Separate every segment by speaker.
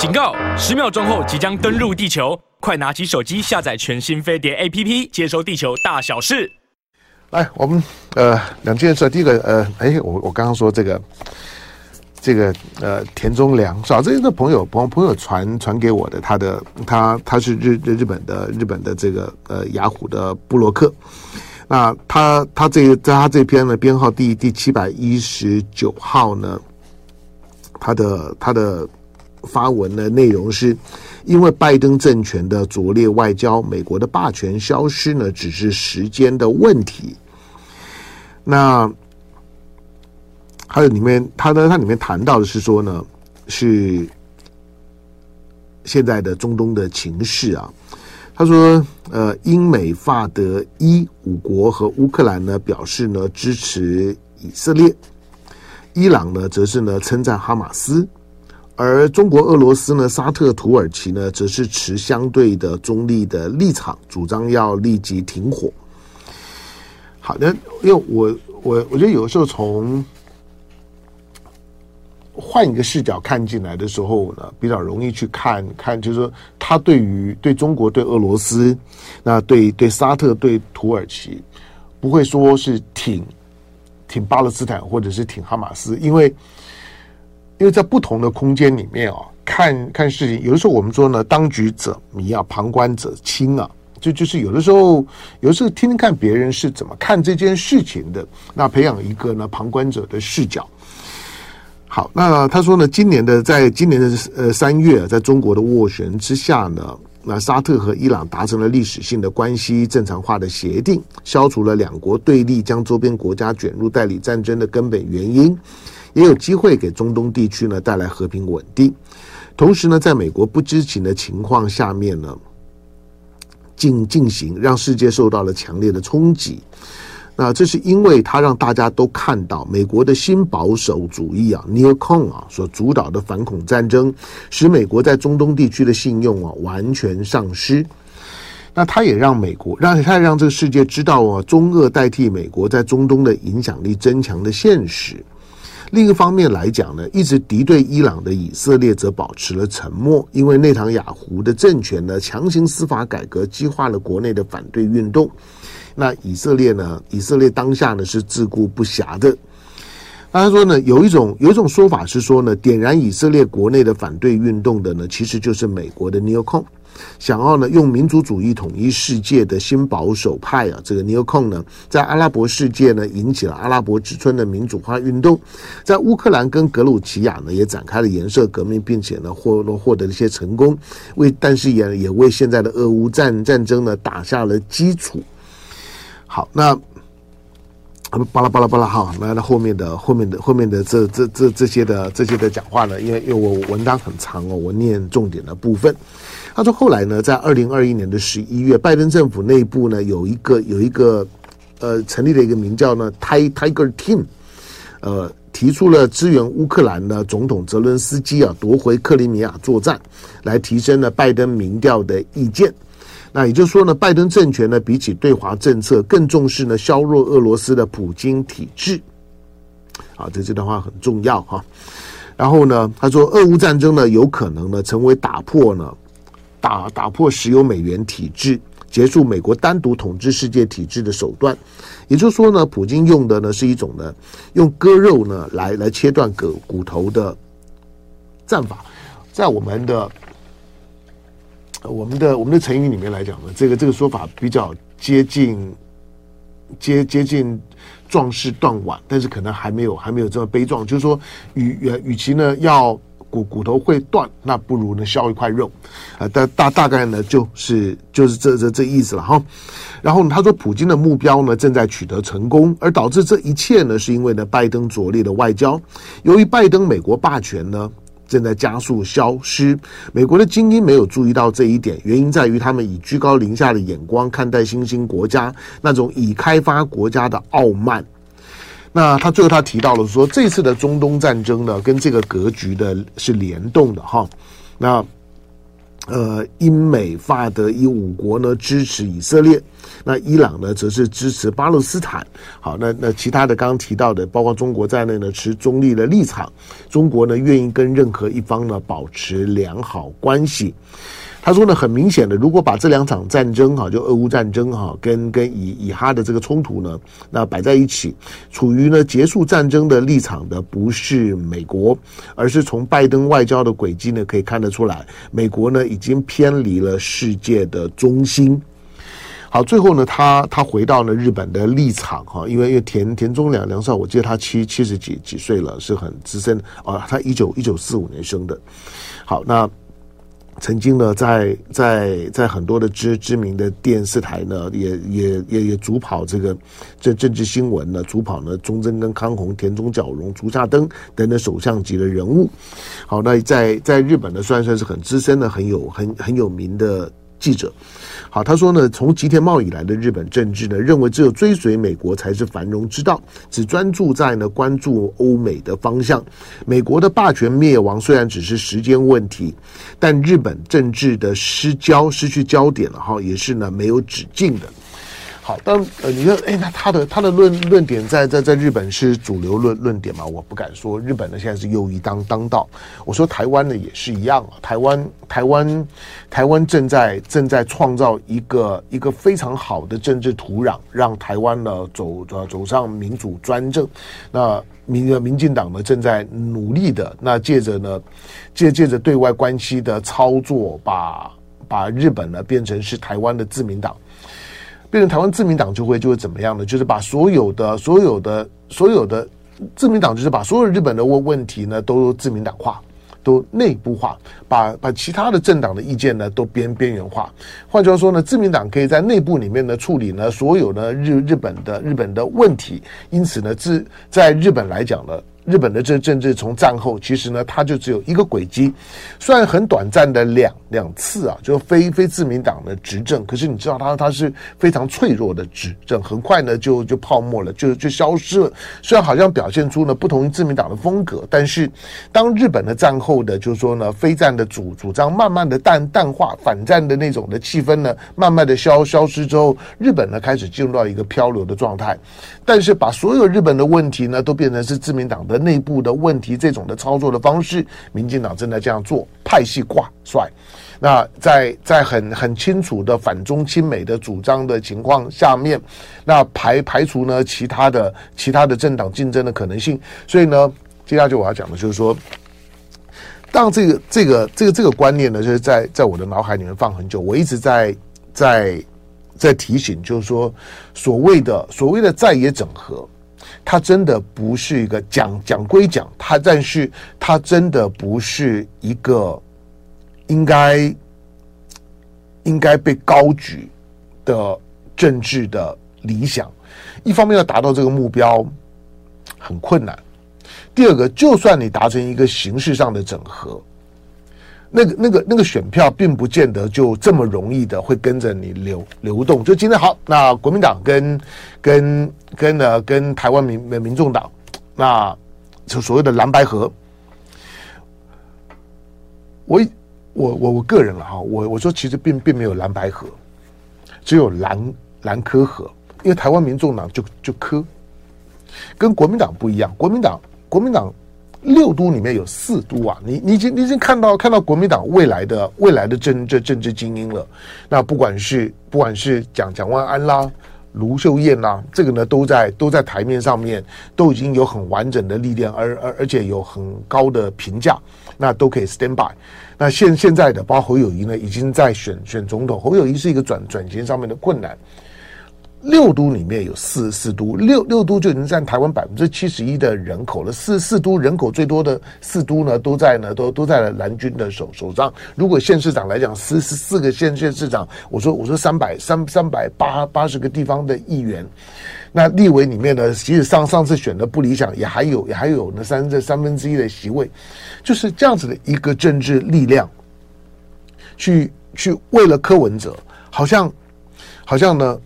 Speaker 1: 警告！十秒鐘後即將登陸地球，快拿起手機下載全新飛碟 APP，接收地球大小事。來，我們呃，兩件事，第一個呃，哎，我我剛剛說這個，這個呃，田中良，早之這的朋友朋友朋友傳傳給我的，他的他他是日日本的日本的這個呃雅虎的部落客。那他他這個在他這篇的編號第第七百一十九號呢，他的他的。發文的內容是，因為拜登政權的拙劣外交，美國的霸權消失呢，只是時間的問題。那還有裡面，他呢，他裡面談到的是說呢，是現在的中東的情勢啊。他說，呃，英美法德伊五國和烏克蘭呢，表示呢支持以色列；伊朗呢，則是呢稱讚哈馬斯。而中國、俄羅斯呢，沙特、土耳其呢，則是持相對的中立的立場，主張要立即停火。好的，因為我我我覺得，有時候從換一個視角看進來的時候呢，比較容易去看看，就是說，他對於對中國、對俄羅斯，那對對沙特、對土耳其，不會說是挺挺巴勒斯坦，或者是挺哈馬斯，因為。因為在不同的空間裡面啊、哦，看看事情，有的時候我們說呢，當局者迷啊，旁觀者清啊，就就是有的時候，有時候聽聽看別人是怎麼看這件事情的，那培養一個呢旁觀者的視角。好，那他說呢，今年的在今年的呃三月，在中國的斡旋之下呢，那沙特和伊朗達成了歷史性的關係正常化的協定，消除了兩國對立，將周邊國家捲入代理戰爭的根本原因。也有機會給中東地區呢帶來和平穩定，同時呢，在美國不知情的情況下面呢，進進行讓世界受到了強烈的衝擊。那這是因為他讓大家都看到美國的新保守主義啊、neocon 啊所主導的反恐戰爭，使美國在中東地區的信用啊完全喪失。那他也讓美國，讓他也讓這個世界知道啊，中俄代替美國在中東的影響力增強的現實。另一方面來講呢，一直敵對伊朗的以色列則保持了沉默，因為內塔尼亞胡的政權呢強行司法改革激化了國內的反對運動。那以色列呢？以色列當下呢是自顧不暇的。當、啊、然說呢，有一種有一種說法是說呢，點燃以色列國內的反對運動的呢，其實就是美國的 Neocon。想要呢，用民族主，主義統一世界的新保守派啊，這個尼奧康呢，在阿拉伯世界呢，引起了阿拉伯之春的民主化運動，在烏克蘭跟格魯吉亞呢，也展開了顏色革命，並且呢，獲獲得了一些成功，為但是也也為現在的俄烏戰戰爭呢，打下了基礎。好，那巴拉巴拉巴拉好，那後面的後面的後面的，後面的這這這這些的這些的講話呢，因為因為我文章很長哦，我念重點的部分。他說：“後來呢，在二零二一年的十一月，拜登政府內部呢有一個有一個呃成立了一個名叫呢 Tiger Team，呃提出了支援烏克蘭的總統澤倫斯基啊奪回克里米亞作戰，來提升了拜登民調的意見。那也就是說呢，拜登政權呢比起對華政策更重視呢削弱俄羅斯的普京體制。啊，這這段話很重要哈。然後呢，他說，俄烏戰爭呢有可能呢成為打破呢。”打打破石油美元體制，結束美國單獨統治世界體制的手段，也就是說呢，普京用的呢是一種呢用割肉呢來來切斷骨骨頭的戰法，在我們的我們的我們的成語裡面來講呢，這個這個說法比較接近接接近壯士斷腕，但是可能還沒有還沒有這麼悲壯，就是說與與與其呢要，骨骨頭會斷，那不如呢削一塊肉，啊、呃，大大大概呢就是就是這這這意思了哈。然後呢他說，普京的目標呢正在取得成功，而導致這一切呢是因為呢拜登拙劣的外交。由於拜登美國霸權呢正在加速消失，美國的精英沒有注意到這一點，原因在於他們以居高臨下的眼光看待新興國家那種已開發國家的傲慢。那他最後他提到了說，這次的中東戰爭呢，跟這個格局的是聯動的哈。那呃，英美法德以五國呢支持以色列，那伊朗呢則是支持巴勒斯坦。好，那那其他的剛剛提到的，包括中國在內呢，持中立的立場。中國呢，願意跟任何一方呢保持良好關係。他說呢，很明顯的，如果把這兩場戰爭哈、啊，就俄烏戰爭哈、啊，跟跟以以哈的這個衝突呢，那擺在一起，處於呢結束戰爭的立場的不是美國，而是從拜登外交的軌跡呢，可以看得出來，美國呢已經偏離了世界的中心。好，最後呢，他他回到了日本的立場哈，因為因為田田中良良紹，我記得他七七十幾幾歲了，是很資深啊、哦，他一九一九四五年生的。好，那。曾經呢，在在在很多的知知名的電視台呢，也也也也主跑這個政政治新聞呢，主跑呢，中曾根康弘，田中角榮、竹下登等等首相級的人物。好，那在在日本呢，算算是很資深的、很有很很有名的記者。好，他說呢，從吉田茂以來的日本政治呢，認為只有追隨美國才是繁榮之道，只專注在呢關注歐美的方向。美國的霸權滅亡雖然只是時間問題，但日本政治的失焦、失去焦點了哈，也是呢沒有止境的。當呃，你說，哎、欸，那他的他的論論點在在在日本是主流論論點嘛？我不敢說日本呢現在是右翼當當道。我說台灣呢也是一樣啊。台灣台灣台灣正在正在創造一個一個非常好的政治土壤，讓台灣呢走走上民主專政。那民呃民進黨呢正在努力的，那借着呢借借着對外關係的操作，把把日本呢變成是台灣的自民黨。變成台灣自民黨就會就會怎麼樣呢？就是把所有的所有的所有的自民黨，就是把所有日本的問問題呢，都自民黨化，都內部化，把把其他的政黨的意見呢，都邊邊緣化。換句話說呢，自民黨可以在內部裡面呢處理呢所有的日日本的日本的問題。因此呢，自在日本來講呢。日本的這政治從戰後，其實呢，它就只有一個軌跡，雖然很短暫的兩兩次啊，就是非非自民黨的執政，可是你知道它它是非常脆弱的執政，很快呢就就泡沫了，就就消失了。雖然好像表現出呢不同於自民黨的風格，但是當日本的戰後的就是說呢非戰的主主張慢慢的淡淡化，反戰的那種的氣氛呢慢慢的消消失之後，日本呢開始進入到一個漂流的狀態，但是把所有日本的問題呢都變成是自民黨的。和內部的問題，這種的操作的方式，民進黨正在這樣做，派系掛帥。那在在很很清楚的反中親美的主張的情況下面，那排排除呢其他的其他的政黨競爭的可能性。所以呢，接下去我要講的，就是說，當這個這個這個這個這個觀念呢，就是在在我的腦海裡面放很久，我一直在在在在提醒，就是說，所謂的所謂的在野整合。他真的不是一個，講講歸講，他但是他真的不是一個應該應該被高舉的政治的理想。一方面要達到這個目標很困難，第二個，就算你達成一個形式上的整合。那個、那個、那個選票並不見得就這麼容易的會跟着你流流動。就今天好，那國民黨跟跟跟呃跟台灣民民民眾黨，那就所謂的藍白合。我我我我個人了、啊、哈，我我說其實並並沒有藍白合，只有藍藍柯合，因為台灣民眾黨就就柯，跟國民黨不一樣，國民黨國民黨。六都裡面有四都啊，你你已經你已經看到看到國民黨未來的未來的政治政治精英了。那不管是不管是蔣蔣萬安啦、盧秀燕啦，這個呢都在都在台面上面都已經有很完整的歷練，而而,而且有很高的評價，那都可以 stand by。那現現在的包括侯友宜呢，已經在選選總統，侯友宜是一個轉轉型上面的困難。六都裡面有四四都，六六都就已經占台灣百分之七十一的人口了。四四都人口最多的四都呢，都在呢，都都在了藍軍的手手上。如果縣市長來講，四四個縣縣市長，我說我說三百，三百三三百八八十個地方的議員，那立委裡面呢，即使上上次選的不理想，也還有也還有那三這三分之一的席位，就是這樣子的一個政治力量，去去為了柯文哲，好像好像呢。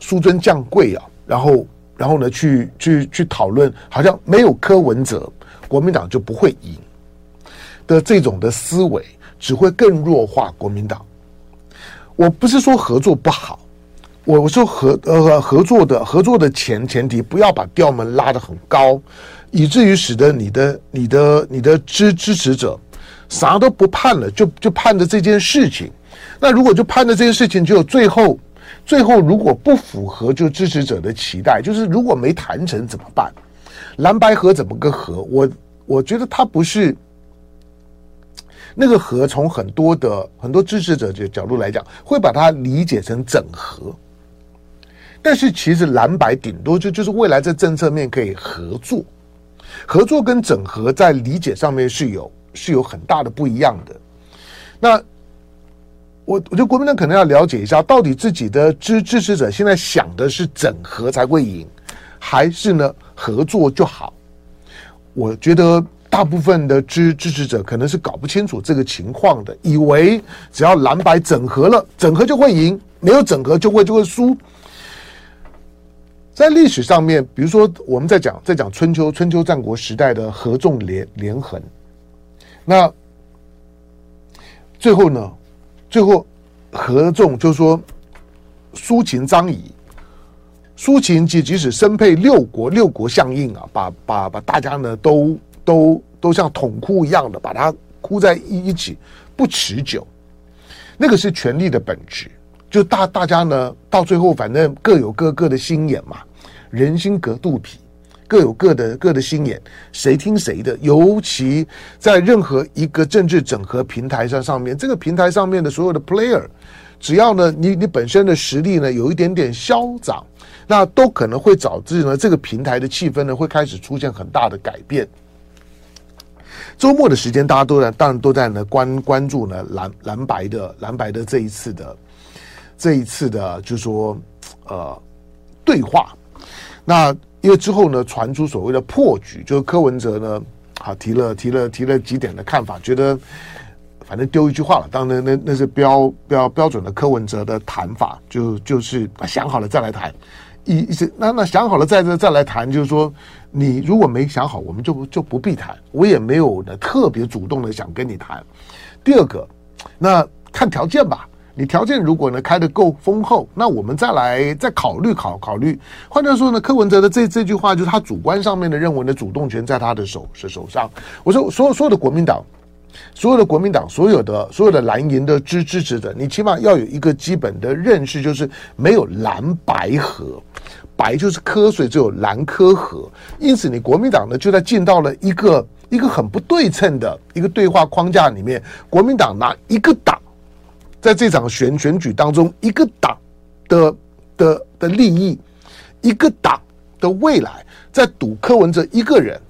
Speaker 1: 紆尊降貴啊，然後，然後呢，去去去討論，好像沒有柯文哲，國民黨就不會贏的這種的思維，只會更弱化國民黨。我不是說合作不好，我我說合呃合作的，合作的前前提，不要把調門拉得很高，以至於使得你的你的你的支支持者啥都不盼了，就就盼着這件事情。那如果就盼着這件事情，只有最後。最後，如果不符合就支持者的期待，就是如果沒談成怎麼辦？藍白合怎麼個合？我我覺得它不是那個合，從很多的很多支持者的角度來講，會把它理解成整合。但是其實藍白頂多就就是未來在政策面可以合作，合作跟整合在理解上面是有是有很大的不一樣的。那。我我覺得國民黨可能要了解一下，到底自己的支支持者現在想的是整合才會贏，還是呢合作就好？我覺得大部分的支支持者可能是搞不清楚這個情況的，以為只要藍白整合了，整合就會贏，沒有整合就會就會輸。在歷史上面，比如說我們在講在講春秋春秋戰國時代的合縱連連橫，那最後呢？最後合縱就是說，蘇秦張儀，蘇秦即即使身配六國，六國相印啊，把把把大家呢都都都像桶箍一樣的把它箍在一一起，不持久。那個是權力的本質，就大大家呢到最後反正各有各各的心眼嘛，人心隔肚皮。各有各的各的心眼，誰聽誰的？尤其在任何一個政治整合平台上上面，這個平台上面的所有的 player，只要呢你你本身的實力呢有一點點消長，那都可能會導致呢這個平台的氣氛呢會開始出現很大的改變。周末的時間，大家都在當然都在呢關關注呢藍藍白的藍白的這一次的這一次的就是，就說呃對話，那。因為之後呢，傳出所謂的破局，就是柯文哲呢，好、啊、提了提了提了幾點的看法，覺得反正丟一句話了，當然那那是標標標準的柯文哲的談法，就就是想好了再來談，一、一那那想好了再再再來談，就是說你如果沒想好，我們就就不必談，我也沒有呢特別主動的想跟你談。第二個，那看條件吧。你條件如果呢開得夠豐厚，那我們再來再考慮考考慮。換句話說呢，柯文哲的這這句話就是他主觀上面的認為的主動權在他的手是手上。我說所有所有的國民黨，所有的國民黨，所有的所有的藍營的支支持者，你起碼要有一個基本的認識，就是沒有藍白合。白就是瞌睡，只有藍柯合，因此，你國民黨呢就在進到了一個一個很不對稱的一個對話框架裡面，國民黨拿一個黨。在這場選選舉當中，一個黨的的的利益，一個黨的未來，在賭柯文哲一個人。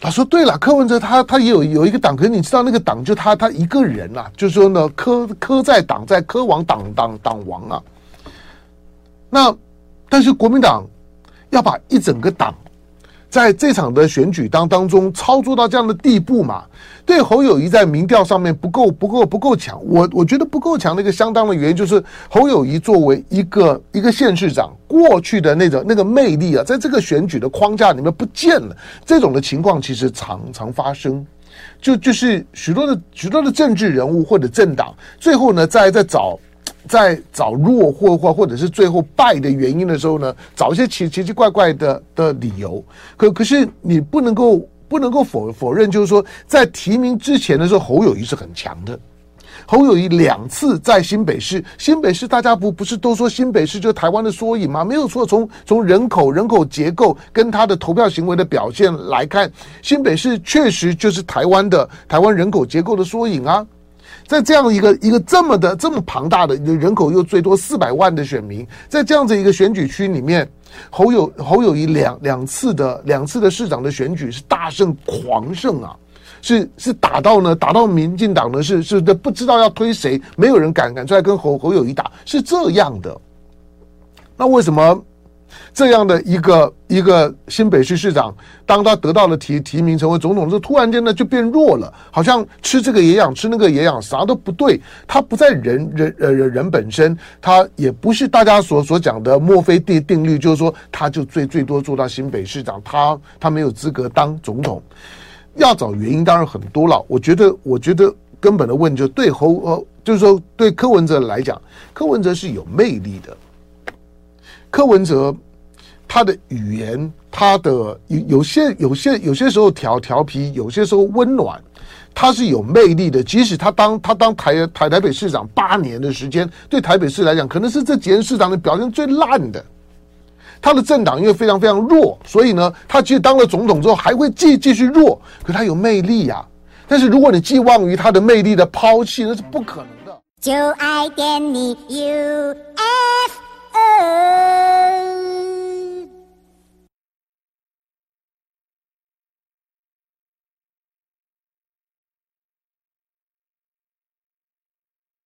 Speaker 1: 他說：“對了，柯文哲他他也有有一個黨，可是你知道那個黨就他他一個人啊，就是說呢柯柯在黨在柯亡黨黨黨亡啊。那但是國民黨要把一整個黨。”在這場的選舉當當中，操作到這樣的地步嘛，對侯友宜在民調上面不夠不夠不夠,不夠強，我我覺得不夠強的一個相當的原因，就是侯友宜作為一個一個縣市長，過去的那種那個魅力啊，在這個選舉的框架裡面不見了。這種的情況其實常常發生，就就是許多的許多的政治人物或者政黨，最後呢，再再找。在找弱貨話，或者是最後敗的原因的時候呢，找一些奇奇奇怪怪的的理由。可可是你不能夠不能夠否否認，就是說在提名之前的時候，侯友宜是很強的。侯友宜兩次在新北市，新北市大家不不是都說新北市就是台灣的縮影嗎？沒有錯，從從人口人口結構跟他的投票行為的表現來看，新北市確實就是台灣的台灣人口結構的縮影啊。在這樣一個一個這麼的這麼龐大的人口，又最多四百萬的選民，在這樣子一個選舉區裡面，侯友侯友宜兩兩次的兩次的市長的選舉是大勝狂勝啊，是是打到呢打到民進黨呢是是不知道要推誰，沒有人敢敢出來跟侯侯友宜打，是這樣的。那為什麼？這樣的一個一個新北市市長，當他得到了提提名成為總統，就突然間呢就變弱了，好像吃這個也癢，吃那個也癢，啥都不對。他不在人人呃人本身，他也不是大家所所講的墨菲定定律，就是說他就最最多做到新北市長，他他沒有資格當總統。要找原因當然很多了，我覺得我覺得根本的問題就對侯呃，就是說對柯文哲來講，柯文哲是有魅力的。柯文哲，他的語言，他的有有些有些有些時候調調皮，有些時候溫暖，他是有魅力的。即使他當他當台台台北市長八年的時間，對台北市來講，可能是這幾年市長的表現最爛的。他的政黨因為非常非常弱，所以呢，他其實當了總統之後還會繼繼續續弱。可他有魅力呀、啊，但是如果你寄望於他的魅力的拋棄，那是不可能的。就愛給你 U、F.